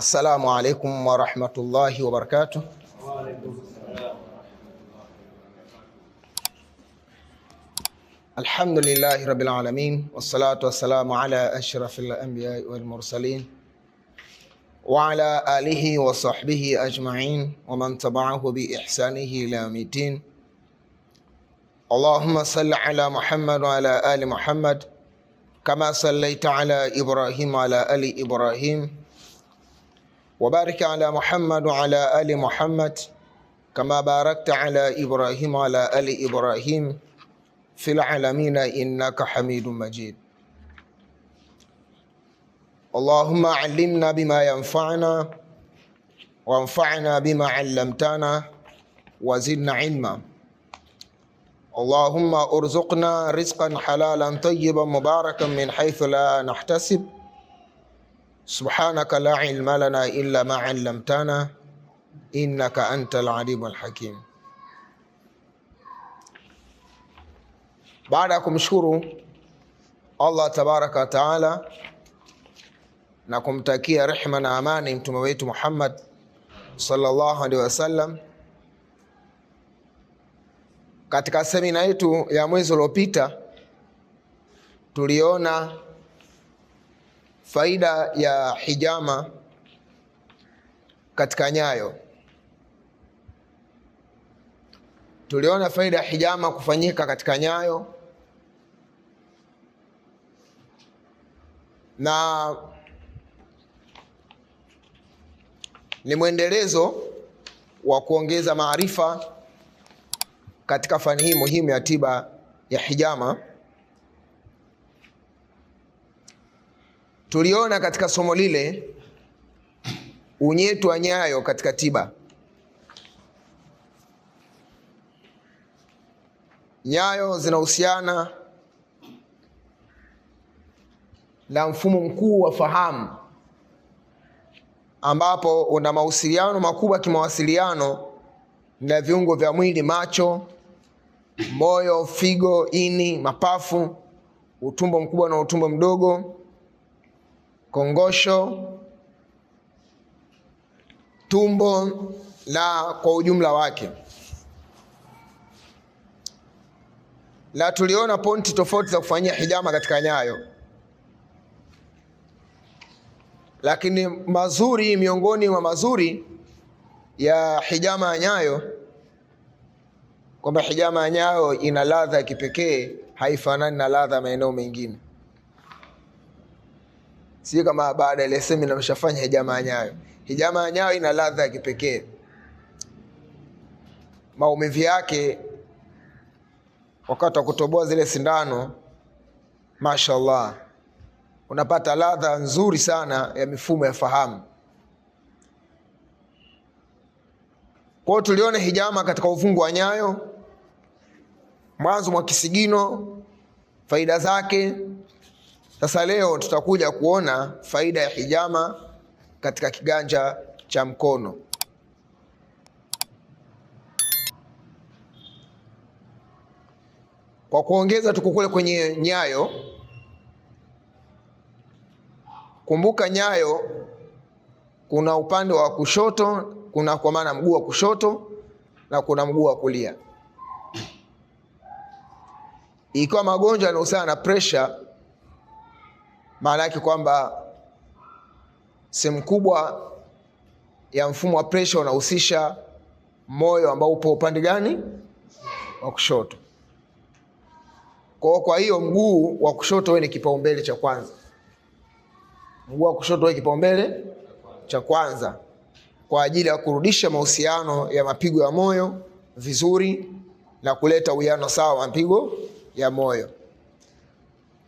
السلام عليكم ورحمة الله وبركاته الحمد لله رب العالمين والصلاة والسلام على أشرف الأنبياء والمرسلين وعلى آله وصحبه أجمعين ومن تبعه بإحسانه إلى يوم الدين اللهم صل على محمد وعلى آل محمد كما صليت على إبراهيم وعلى آل إبراهيم وبارك على محمد وعلى آل محمد كما باركت على إبراهيم وعلى آل إبراهيم في العالمين إنك حميد مجيد اللهم علمنا بما ينفعنا وانفعنا بما علمتنا وزدنا علما اللهم ارزقنا رزقا حلالا طيبا مباركا من حيث لا نحتسب subhanaka la ilma lana illa ma allamtana innaka antal alimul hakim. Baada ya kumshukuru Allah tabaraka wataala taala na kumtakia rehma na amani mtume wetu Muhammad sallallahu alaihi wasallam, katika semina yetu ya mwezi uliopita tuliona Faida ya hijama katika nyayo, tuliona faida ya hijama kufanyika katika nyayo, na ni mwendelezo wa kuongeza maarifa katika fani hii muhimu ya tiba ya hijama. Tuliona katika somo lile wa nyayo katika tiba. Nyayo zinahusiana na mfumo mkuu wa fahamu ambapo una mahusiano makubwa kimawasiliano na viungo vya mwili: macho, moyo, figo, ini, mapafu, utumbo mkubwa na utumbo mdogo kongosho, tumbo na kwa ujumla wake. Na tuliona pointi tofauti za kufanyia hijama katika nyayo, lakini mazuri, miongoni mwa mazuri ya hijama ya nyayo kwamba hijama ya nyayo ina ladha ya kipekee, haifanani na ladha maeneo mengine si kama baada ile semina mshafanya hijama ya nyayo. Hijama ya nyayo ina ladha ya kipekee. Maumivu yake wakati wa kutoboa zile sindano, mashallah, unapata ladha nzuri sana ya mifumo ya fahamu. Kwa hiyo tuliona hijama katika ufungu wa nyayo, mwanzo mwa kisigino, faida zake sasa leo tutakuja kuona faida ya hijama katika kiganja cha mkono. Kwa kuongeza tuko kule kwenye nyayo. Kumbuka nyayo kuna upande wa kushoto, kuna kwa maana mguu wa kushoto na kuna mguu wa kulia. Ikiwa magonjwa yanahusiana na pressure maana yake kwamba sehemu kubwa ya mfumo wa presha unahusisha moyo ambao upo upande gani wa kushoto. Kwa kwa hiyo mguu wa kushoto wewe ni kipaumbele cha kwanza, mguu wa kushoto wewe kipaumbele cha kwanza kwa ajili ya kurudisha mahusiano ya mapigo ya moyo vizuri na kuleta uwiano sawa wa mapigo ya moyo.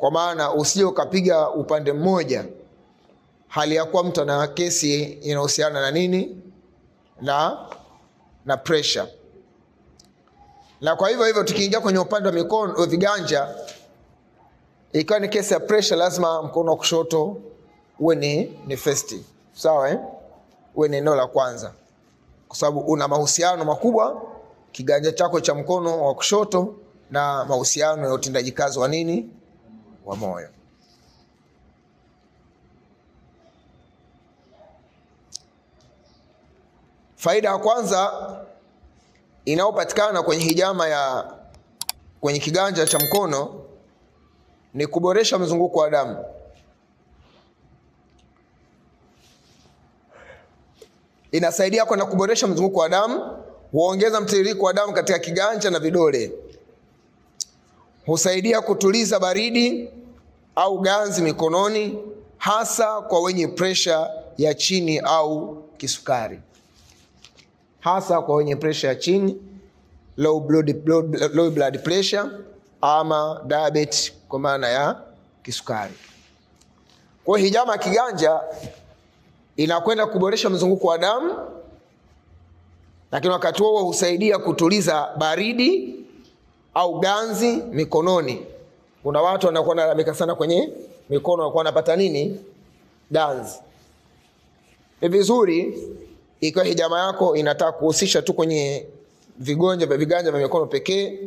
Kwa maana usije ukapiga upande mmoja, hali ya kuwa mtu ana kesi inahusiana na nini na na pressure. Na kwa hivyo hivyo, tukiingia kwenye upande wa mikono wa viganja, ikiwa ni kesi ya pressure, lazima mkono wa kushoto uwe ni, ni first, sawa eh? Uwe ni eneo la kwanza, kwa sababu una mahusiano makubwa kiganja chako cha mkono wa kushoto na mahusiano ya utendaji kazi wa nini wa moyo. Faida ya kwanza inayopatikana kwenye hijama ya kwenye kiganja cha mkono ni kuboresha mzunguko wa damu. Inasaidia kwenda kuboresha mzunguko wa damu, huongeza mtiririko wa damu katika kiganja na vidole husaidia kutuliza baridi au ganzi mikononi, hasa kwa wenye presha ya chini au kisukari, hasa kwa wenye presha ya chini low blood, blood, low blood pressure ama diabetes kwa maana ya kisukari. Kwa hiyo hijama ya kiganja inakwenda kuboresha mzunguko wa damu, lakini wakati huo husaidia kutuliza baridi au ganzi mikononi. Kuna watu wanakuwa wanalalamika sana kwenye mikono, wanakuwa wanapata nini? Ganzi. Ni vizuri ikiwa hijama yako inataka kuhusisha tu kwenye vigonjo vya viganja vya mikono pekee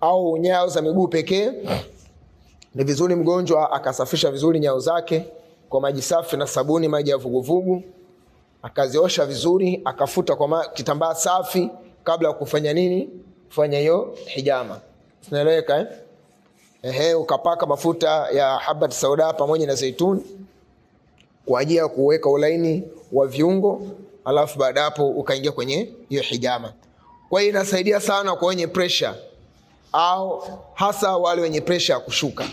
au nyayo za miguu pekee, ni vizuri mgonjwa akasafisha vizuri nyayo zake kwa maji safi na sabuni, maji ya vuguvugu, akaziosha vizuri, akafuta kwa kitambaa safi kabla ya kufanya nini kufanya hiyo hijama, tunaeleweka eh? Ehe, ukapaka mafuta ya habat sauda pamoja na zaituni kwa ajili ya kuweka ulaini wa viungo, alafu baada hapo ukaingia kwenye hiyo hijama. Kwa hiyo inasaidia sana kwa wenye pressure au hasa wale wenye pressure ya kushuka.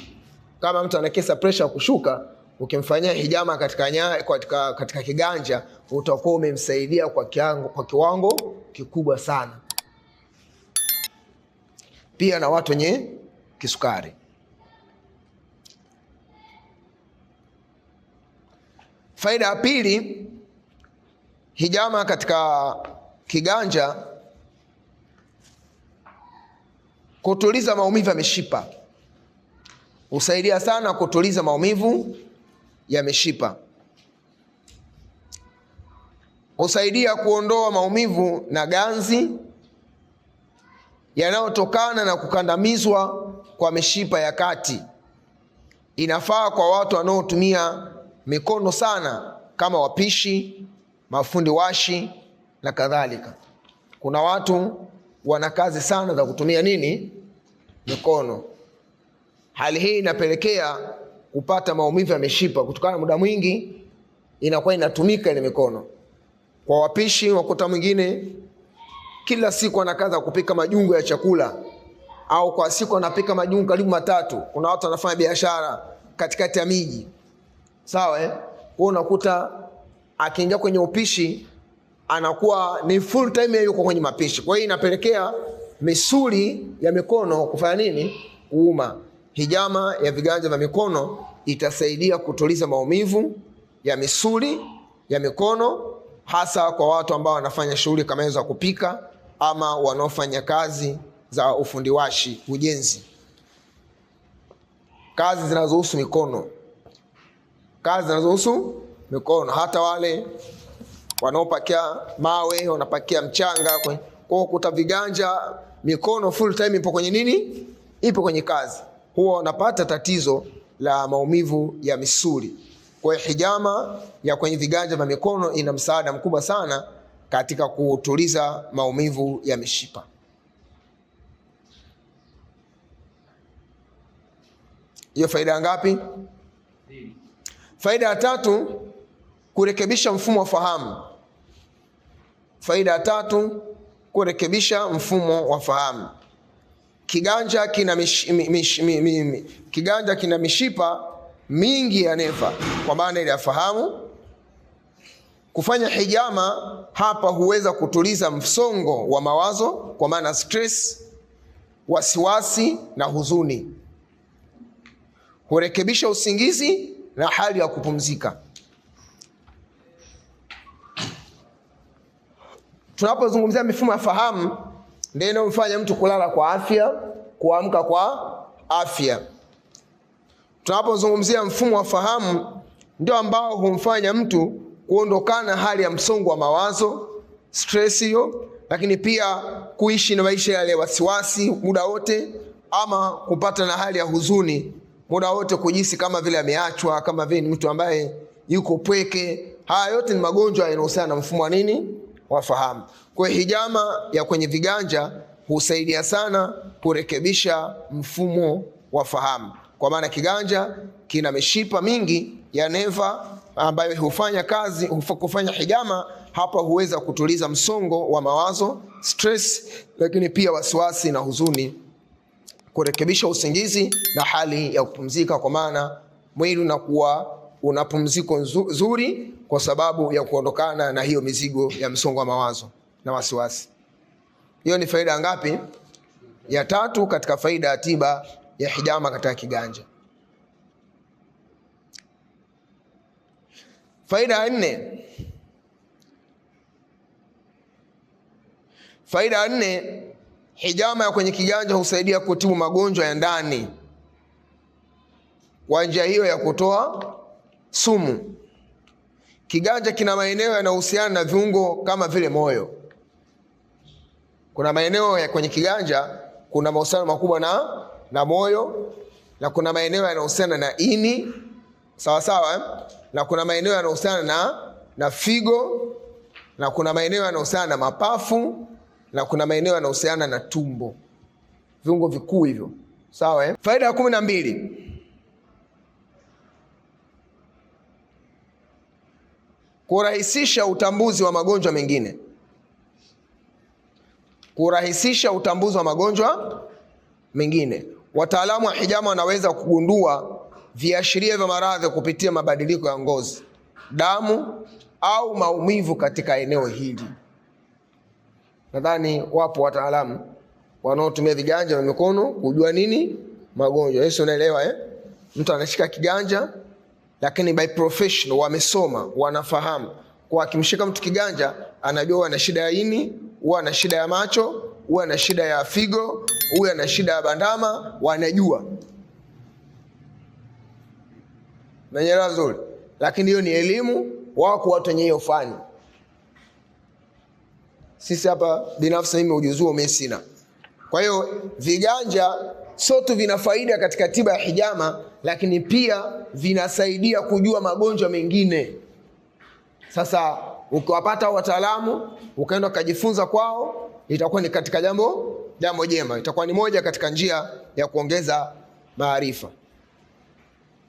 Kama mtu anakesa pressure ya kushuka, ukimfanyia hijama katika, nya, katika, katika kiganja utakuwa umemsaidia kwa kiwango, kwa kiwango kikubwa sana pia na watu wenye kisukari. Faida ya pili, hijama katika kiganja kutuliza maumivu ya mishipa, husaidia sana kutuliza maumivu ya mishipa, husaidia kuondoa maumivu na ganzi yanayotokana na kukandamizwa kwa mishipa ya kati. Inafaa kwa watu wanaotumia mikono sana kama wapishi, mafundi washi na kadhalika. Kuna watu wana kazi sana za kutumia nini, mikono. Hali hii inapelekea kupata maumivu ya mishipa kutokana na muda mwingi inakuwa inatumika ile mikono. Kwa wapishi wakuta mwingine kila siku anakaza kupika majungu ya chakula au kwa siku anapika majungu karibu matatu. Kuna watu wanafanya biashara katikati ya miji, sawa eh? Wewe unakuta akiingia kwenye upishi anakuwa ni full time yuko kwenye mapishi. Kwa hiyo inapelekea misuli ya mikono kufanya nini? Kuuma. Hijama ya viganja vya mikono itasaidia kutuliza maumivu ya misuli ya mikono, hasa kwa watu ambao wanafanya shughuli kama hizo za kupika ama wanaofanya kazi za ufundiwashi, ujenzi, kazi zinazohusu mikono, kazi zinazohusu mikono, hata wale wanaopakia mawe, wanapakia mchanga kwa kuta, viganja, mikono full time ipo kwenye nini? Ipo kwenye kazi, huwa wanapata tatizo la maumivu ya misuli. Kwa hiyo hijama ya kwenye viganja vya mikono ina msaada mkubwa sana katika kutuliza maumivu ya mishipa. Hiyo faida ngapi? Faida ya tatu, kurekebisha mfumo wa fahamu. Faida ya tatu, kurekebisha mfumo wa fahamu. Kiganja kina mish, mish, mish, mish, kiganja kina mishipa mingi ya neva kwa maana ile ya fahamu. Kufanya hijama hapa huweza kutuliza msongo wa mawazo kwa maana stress, wasiwasi na huzuni, hurekebisha usingizi na hali ya kupumzika. Tunapozungumzia mifumo ya fahamu, ndio inayomfanya mtu kulala kwa afya, kuamka kwa afya. Tunapozungumzia mfumo wa fahamu, ndio ambao humfanya mtu kuondokana hali ya msongo wa mawazo stress hiyo, lakini pia kuishi na maisha yale ya wasiwasi muda wote, ama kupata na hali ya huzuni muda wote, kujisi kama vile ameachwa, kama vile ni mtu ambaye yuko pweke. Haya yote ni magonjwa yanayohusiana na mfumo wa nini wa fahamu. Kwa hiyo hijama ya kwenye viganja husaidia sana kurekebisha mfumo wa fahamu, kwa maana kiganja kina mishipa mingi ya neva ambayo hufanya kazi kufanya hijama hapa huweza kutuliza msongo wa mawazo stress, lakini pia wasiwasi na huzuni, kurekebisha usingizi na hali ya kupumzika, kwa maana mwili unakuwa una pumziko nzuri kwa sababu ya kuondokana na hiyo mizigo ya msongo wa mawazo na wasiwasi. Hiyo ni faida ngapi? Ya tatu katika faida ya tiba ya hijama katika kiganja. Faida ya nne, faida ya nne, hijama ya kwenye kiganja husaidia kutibu magonjwa ya ndani kwa njia hiyo ya kutoa sumu. Kiganja kina maeneo yanayohusiana na viungo kama vile moyo. Kuna maeneo ya kwenye kiganja kuna mahusiano makubwa na, na moyo na kuna maeneo yanayohusiana na ini sawasawa eh? na kuna maeneo yanahusiana na, na figo na kuna maeneo yanahusiana na mapafu na kuna maeneo yanahusiana na tumbo, viungo vikuu hivyo sawa eh? Faida ya kumi na mbili kurahisisha utambuzi wa magonjwa mengine, kurahisisha utambuzi wa magonjwa mengine. Wataalamu wa hijama wanaweza kugundua viashiria vya maradhi kupitia mabadiliko ya ngozi, damu au maumivu katika eneo hili. Nadhani wapo wataalamu wanaotumia viganja na mikono kujua nini magonjwa. Yesu, unaelewa eh? Mtu anashika kiganja, lakini by professional wamesoma, wanafahamu kwa akimshika mtu kiganja anajua ana shida ya ini, huwa ana shida ya macho, huwa ana shida ya figo, huwa ana shida ya bandama, wanajua Umeelewa vizuri? Lakini hiyo ni elimu wao watu wenye hiyo fani. Sisi hapa binafsi mimi ujuzi huo mimi sina. Kwa hiyo viganja sio tu vina faida katika tiba ya hijama, lakini pia vinasaidia kujua magonjwa mengine. Sasa ukiwapata wataalamu ukaenda ukajifunza kwao, itakuwa ni katika jambo jambo jema, itakuwa ni moja katika njia ya kuongeza maarifa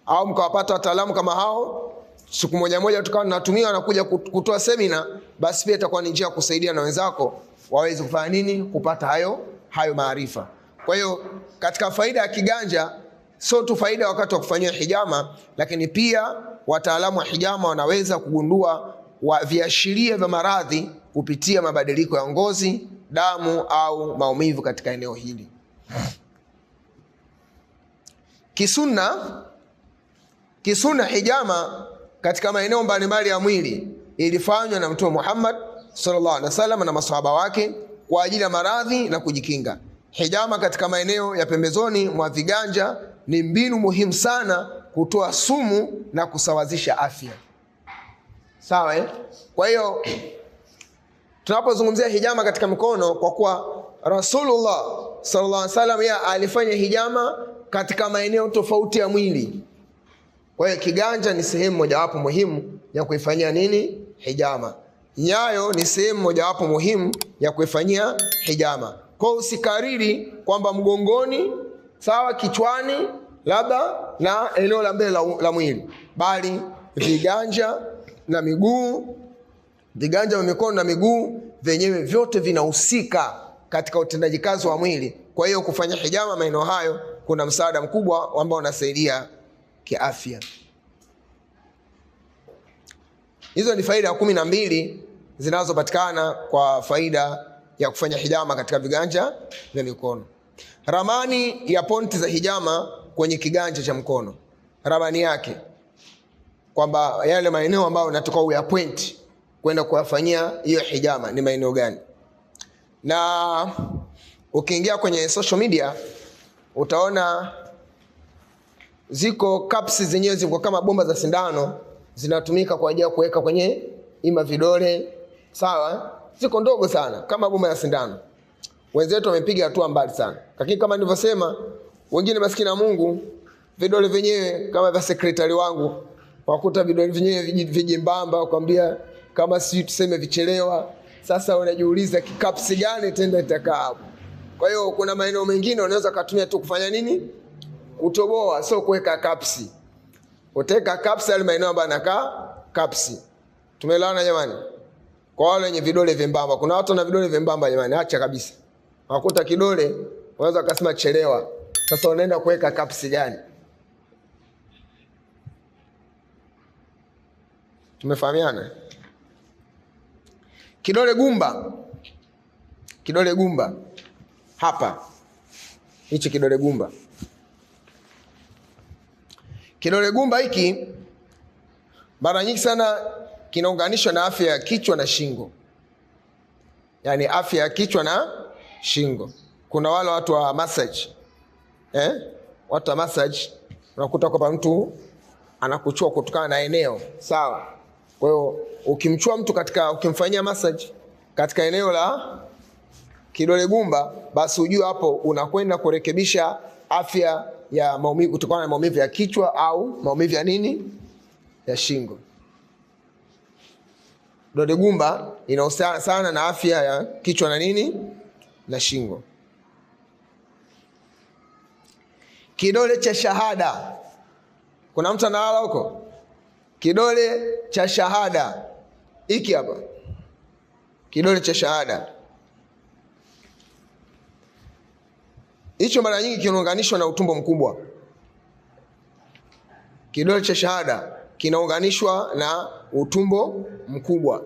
au mkawapata wataalamu kama hao, siku moja moja tukawa tunatumia wanakuja kutoa semina, basi pia itakuwa ni njia ya kusaidia na wenzako waweze kufanya nini, kupata hayo hayo maarifa. Kwa hiyo katika faida ya kiganja, sio tu faida wakati wa kufanyia hijama, lakini pia wataalamu wa hijama wanaweza kugundua wa viashiria vya maradhi kupitia mabadiliko ya ngozi, damu au maumivu katika eneo hili. Kisunna Kisuna hijama katika maeneo mbalimbali ya mwili ilifanywa na Mtume Muhammad sallallahu alaihi wasallam na maswahaba wake kwa ajili ya maradhi na kujikinga. Hijama katika maeneo ya pembezoni mwa viganja ni mbinu muhimu sana kutoa sumu na kusawazisha afya. Sawa, eh? Kwa hiyo tunapozungumzia hijama katika mikono, kwa kuwa Rasulullah sallallahu alaihi wasallam yeye alifanya hijama katika maeneo tofauti ya mwili. Kwa hiyo kiganja ni sehemu mojawapo muhimu ya kuifanyia nini? Hijama. Nyayo ni sehemu mojawapo muhimu ya kuifanyia hijama. Kwa hiyo usikariri kwamba mgongoni, sawa, kichwani, labda na eneo la mbele la mwili, bali viganja na miguu, viganja vya mikono na miguu vyenyewe vyote vinahusika katika utendaji kazi wa mwili. Kwa hiyo kufanya hijama maeneo hayo kuna msaada mkubwa ambao unasaidia kiafya. Hizo ni faida kumi na mbili zinazopatikana kwa faida ya kufanya hijama katika viganja vya mikono. Ramani ya ponti za hijama kwenye kiganja cha mkono, ramani yake kwamba yale maeneo ambayo natoka uya point kwenda kuwafanyia hiyo hijama ni maeneo gani. Na ukiingia kwenye social media utaona ziko kapsi zenyewe ziko kama bomba za sindano zinatumika kwa ajili ya kuweka kwenye ima vidole sawa ziko ndogo sana kama bomba ya sindano wenzetu wamepiga hatua mbali sana lakini kama nilivyosema wengine maskini ya mungu vidole vyenyewe kama vya sekretari wangu wakuta vidole vyenyewe vijembamba wakwambia kama si tuseme vichelewa sasa unajiuliza kikapsi gani tenda itakaa hapo kwa hiyo kuna maeneo mengine unaweza kutumia tu kufanya nini kutoboa, sio kuweka kapsi. Uteka kapsi ile maeneo ambayo naka kapsi. Tumeelewana jamani? Kwa wale wenye vidole vyembamba, kuna watu na vidole vyembamba jamani, acha kabisa. Wakuta kidole unaweza kusema chelewa. Sasa unaenda kuweka kapsi gani? Tumefahamiana? Kidole gumba, kidole gumba hapa, hichi kidole gumba Kidole gumba hiki mara nyingi sana kinaunganishwa na afya ya kichwa na shingo, yaani afya ya kichwa na shingo. Kuna wale watu wa massage eh? Watu wa massage unakuta kwamba mtu anakuchua kutokana na eneo sawa. Kwa hiyo ukimchua mtu katika, ukimfanyia massage katika eneo la kidole gumba, basi ujue hapo unakwenda kurekebisha afya ya maumivu kutokana na maumivu ya kichwa au maumivu ya nini ya shingo. dode gumba inahusiana sana na afya ya kichwa na nini na shingo. Kidole cha shahada, kuna mtu analala huko. Kidole cha shahada hiki hapa, kidole cha shahada Hicho mara nyingi kinaunganishwa na utumbo mkubwa. Kidole cha shahada kinaunganishwa na utumbo mkubwa.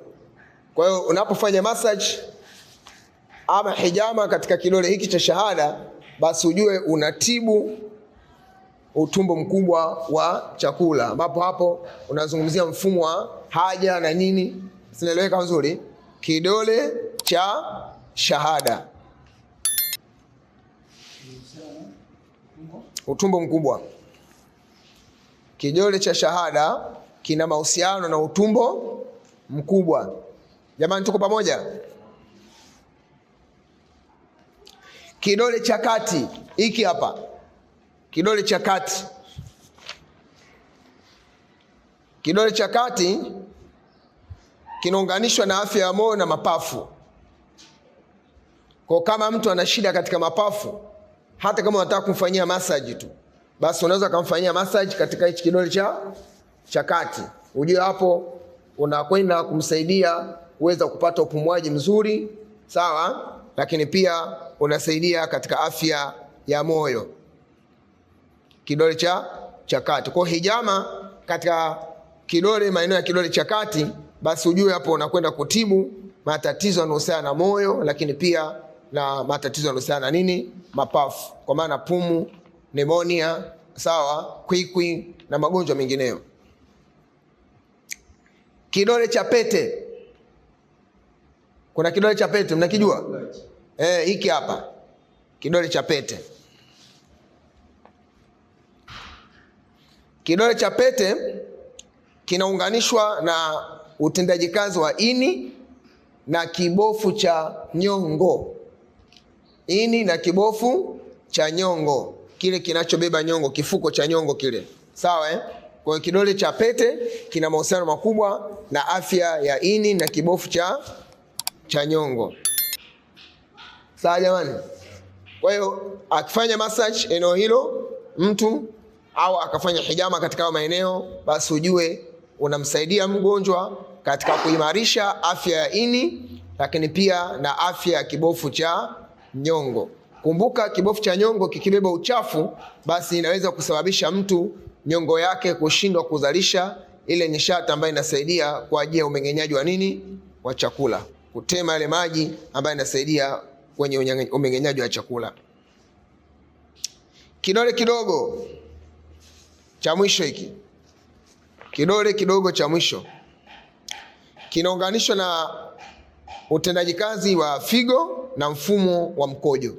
Kwa hiyo unapofanya massage ama hijama katika kidole hiki cha shahada, basi ujue unatibu utumbo mkubwa wa chakula, ambapo hapo unazungumzia mfumo wa haja na nini. Sinaeleweka vizuri? Kidole cha shahada. Utumbo mkubwa. Kidole cha shahada kina mahusiano na utumbo mkubwa. Jamani, tuko pamoja? Kidole cha kati hiki hapa, kidole cha kati, kidole cha kati kinaunganishwa na afya ya moyo na mapafu. Kwa kama mtu ana shida katika mapafu hata kama unataka kumfanyia massage tu, basi unaweza kumfanyia massage katika hichi kidole cha cha kati, ujue hapo unakwenda kumsaidia kuweza kupata upumuaji mzuri, sawa, lakini pia unasaidia katika afya ya moyo, kidole cha cha kati. Kwa hijama katika kidole, maeneo ya kidole cha kati, basi ujue hapo unakwenda kutibu matatizo yanayohusiana na moyo, lakini pia na matatizo yanayohusiana na nini, mapafu, kwa maana pumu, pneumonia, sawa, kwikwi na magonjwa mengineyo. Kidole cha pete, kuna kidole cha pete mnakijua eh? Hiki hapa kidole cha pete. Kidole cha pete kinaunganishwa na utendaji kazi wa ini na kibofu cha nyongo ini na kibofu cha nyongo, kile kinachobeba nyongo, kifuko cha nyongo kile, sawa eh? Kwa hiyo kidole cha pete kina mahusiano makubwa na afya ya ini na kibofu cha, cha nyongo, sawa jamani. Kwa hiyo akifanya massage eneo hilo mtu au akafanya hijama katika hayo maeneo, basi ujue unamsaidia mgonjwa katika kuimarisha afya ya ini, lakini pia na afya ya kibofu cha nyongo. Kumbuka, kibofu cha nyongo kikibeba uchafu, basi inaweza kusababisha mtu nyongo yake kushindwa kuzalisha ile nishati ambayo inasaidia kwa ajili ya umeng'enyaji wa nini, wa chakula, kutema yale maji ambayo inasaidia kwenye umeng'enyaji wa chakula. Kidole kidogo cha mwisho hiki, kidole kidogo cha mwisho kinaunganishwa na utendaji kazi wa figo na mfumo wa mkojo.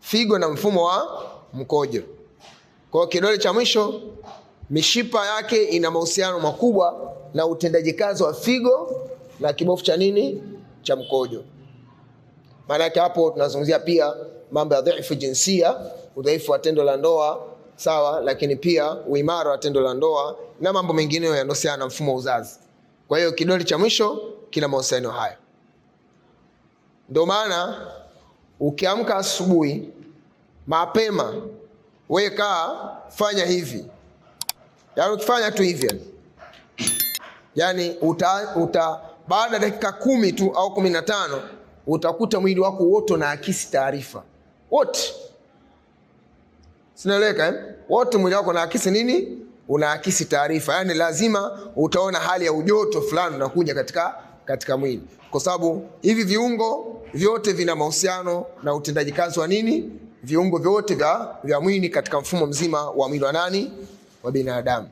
Figo na mfumo wa mkojo. Kwa kidole cha mwisho, mishipa yake ina mahusiano makubwa na utendaji kazi wa figo na kibofu cha nini cha mkojo. Maana yake hapo tunazungumzia pia mambo ya dhaifu jinsia, udhaifu wa tendo la ndoa, sawa, lakini pia uimara wa tendo la ndoa na mambo mengineyo yanayohusiana na mfumo wa uzazi. Kwa hiyo kidole cha mwisho kina mahusiano hayo. Ndio maana ukiamka asubuhi mapema, weka fanya hivi, yaani ukifanya tu hivi yani, yaani uta, uta baada ya dakika kumi tu au kumi na tano utakuta mwili wako wote unaakisi taarifa wote, sinaeleweka eh? Wote mwili wako unaakisi nini unaakisi taarifa, yani lazima utaona hali ya ujoto fulani unakuja katika, katika mwili, kwa sababu hivi viungo vyote vina mahusiano na utendaji kazi wa nini, viungo vyote vya, vya mwili katika mfumo mzima wa mwili wa nani, wa binadamu.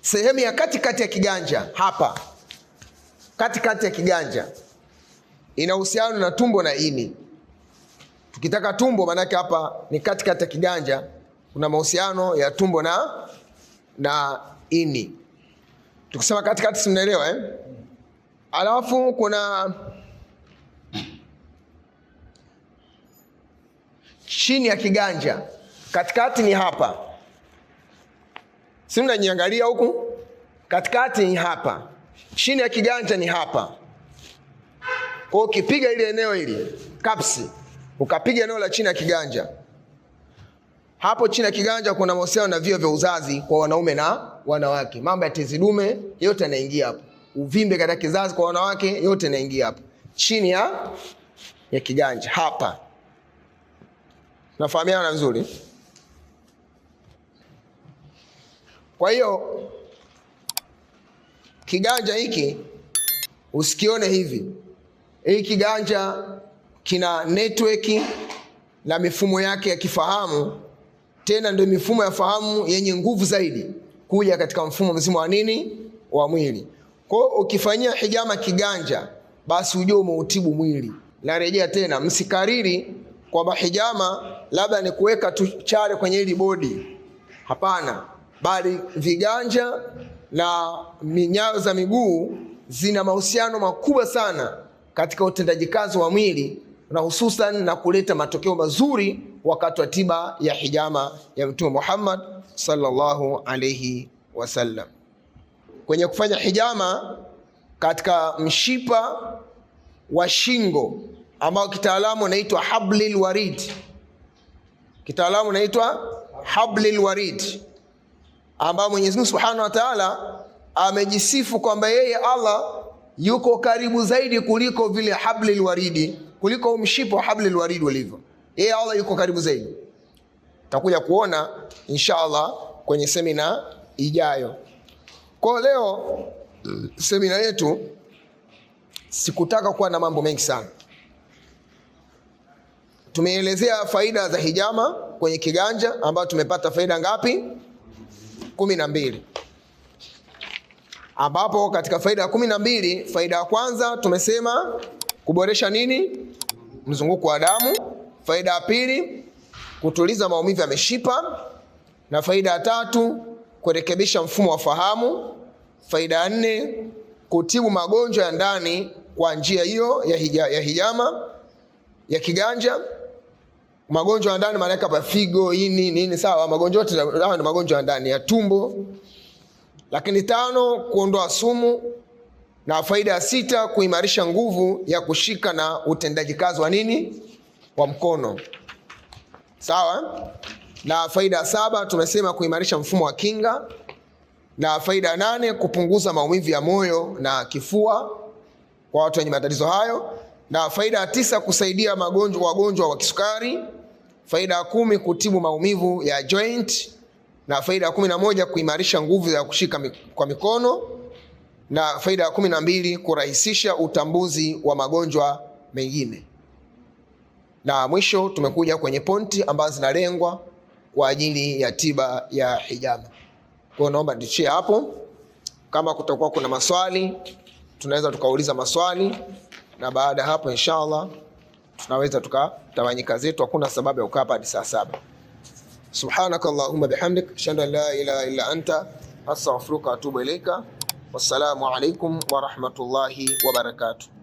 Sehemu ya katikati ya kiganja hapa, katikati ya kiganja ina uhusiano na tumbo na ini. Tukitaka tumbo, maanake hapa ni katikati ya kiganja kuna mahusiano ya tumbo na, na ini. Tukisema katikati, simnaelewa eh? Alafu kuna chini ya kiganja, katikati ni hapa, si mnaniangalia huku? Katikati ni hapa, chini ya kiganja ni hapa. Kwa ukipiga ile eneo hili kapsi, ukapiga eneo la chini ya kiganja hapo chini ya kiganja kuna mahusiano na vio vya uzazi kwa wanaume na wanawake. Mambo ya tezi dume yote yanaingia hapo. Uvimbe katika kizazi kwa wanawake yote yanaingia hapo. Chini ya ya kiganja hapa. Nafahamiana vizuri? Kwa hiyo kiganja hiki usikione hivi. Hii kiganja kina network na mifumo yake ya kifahamu tena ndio mifumo ya fahamu yenye nguvu zaidi kuja katika mfumo mzima wa nini wa mwili. Kwa hiyo ukifanyia hijama kiganja, basi ujue umeutibu mwili. Narejea tena, msikariri kwamba hijama labda ni kuweka tu chale kwenye hili bodi, hapana, bali viganja na minyayo za miguu zina mahusiano makubwa sana katika utendaji kazi wa mwili na hususan na kuleta matokeo mazuri wakati wa tiba ya hijama ya Mtume Muhammad sallallahu alayhi wasallam. Kwenye kufanya hijama katika mshipa wa shingo ambao kitaalamu unaitwa hablil warid, kitaalamu unaitwa hablil warid, ambao Mwenyezi Mungu Subhanahu wa Ta'ala amejisifu kwamba yeye Allah yuko karibu zaidi kuliko vile hablil waridi, kuliko mshipa wa hablil warid ulivyo yeye Allah yuko karibu zaidi. Takuja kuona inshallah kwenye semina ijayo. Kwa leo semina yetu sikutaka kuwa na mambo mengi sana. Tumeelezea faida za hijama kwenye kiganja, ambayo tumepata faida ngapi? Kumi na mbili, ambapo katika faida ya kumi na mbili, faida ya kwanza tumesema kuboresha nini? Mzunguko wa damu. Faida ya pili kutuliza maumivu ya mishipa, na faida ya tatu kurekebisha mfumo wa fahamu, faida ya nne kutibu magonjwa ya ndani kwa njia hiyo ya, hija, ya hijama ya kiganja. Magonjwa ya ndani maana kama figo, ini nini, sawa. Magonjwa yote hayo ni magonjwa ya ndani ya tumbo. Lakini tano, kuondoa sumu, na faida ya sita kuimarisha nguvu ya kushika na utendaji kazi wa nini wa mkono sawa. Na faida saba tumesema kuimarisha mfumo wa kinga, na faida nane kupunguza maumivu ya moyo na kifua kwa watu wenye matatizo hayo, na faida tisa kusaidia magonjwa wagonjwa wa kisukari, faida kumi kutibu maumivu ya joint, na faida kumi na moja kuimarisha nguvu ya kushika kwa mikono, na faida ya kumi na mbili kurahisisha utambuzi wa magonjwa mengine. Na mwisho tumekuja kwenye pointi ambazo zinalengwa kwa ajili ya tiba ya hijama. Kwa hiyo naomba nichie hapo. Kama kutakuwa kuna maswali, tunaweza tukauliza maswali, na baada hapo inshallah tunaweza tukatawanyika zetu. Hakuna sababu ya kukaa hadi saa saba. Allahumma bihamdik, ashhadu an la ilaha illa anta astaghfiruka wa atubu ilaika. Wassalamu alaikum wa rahmatullahi wa barakatuh.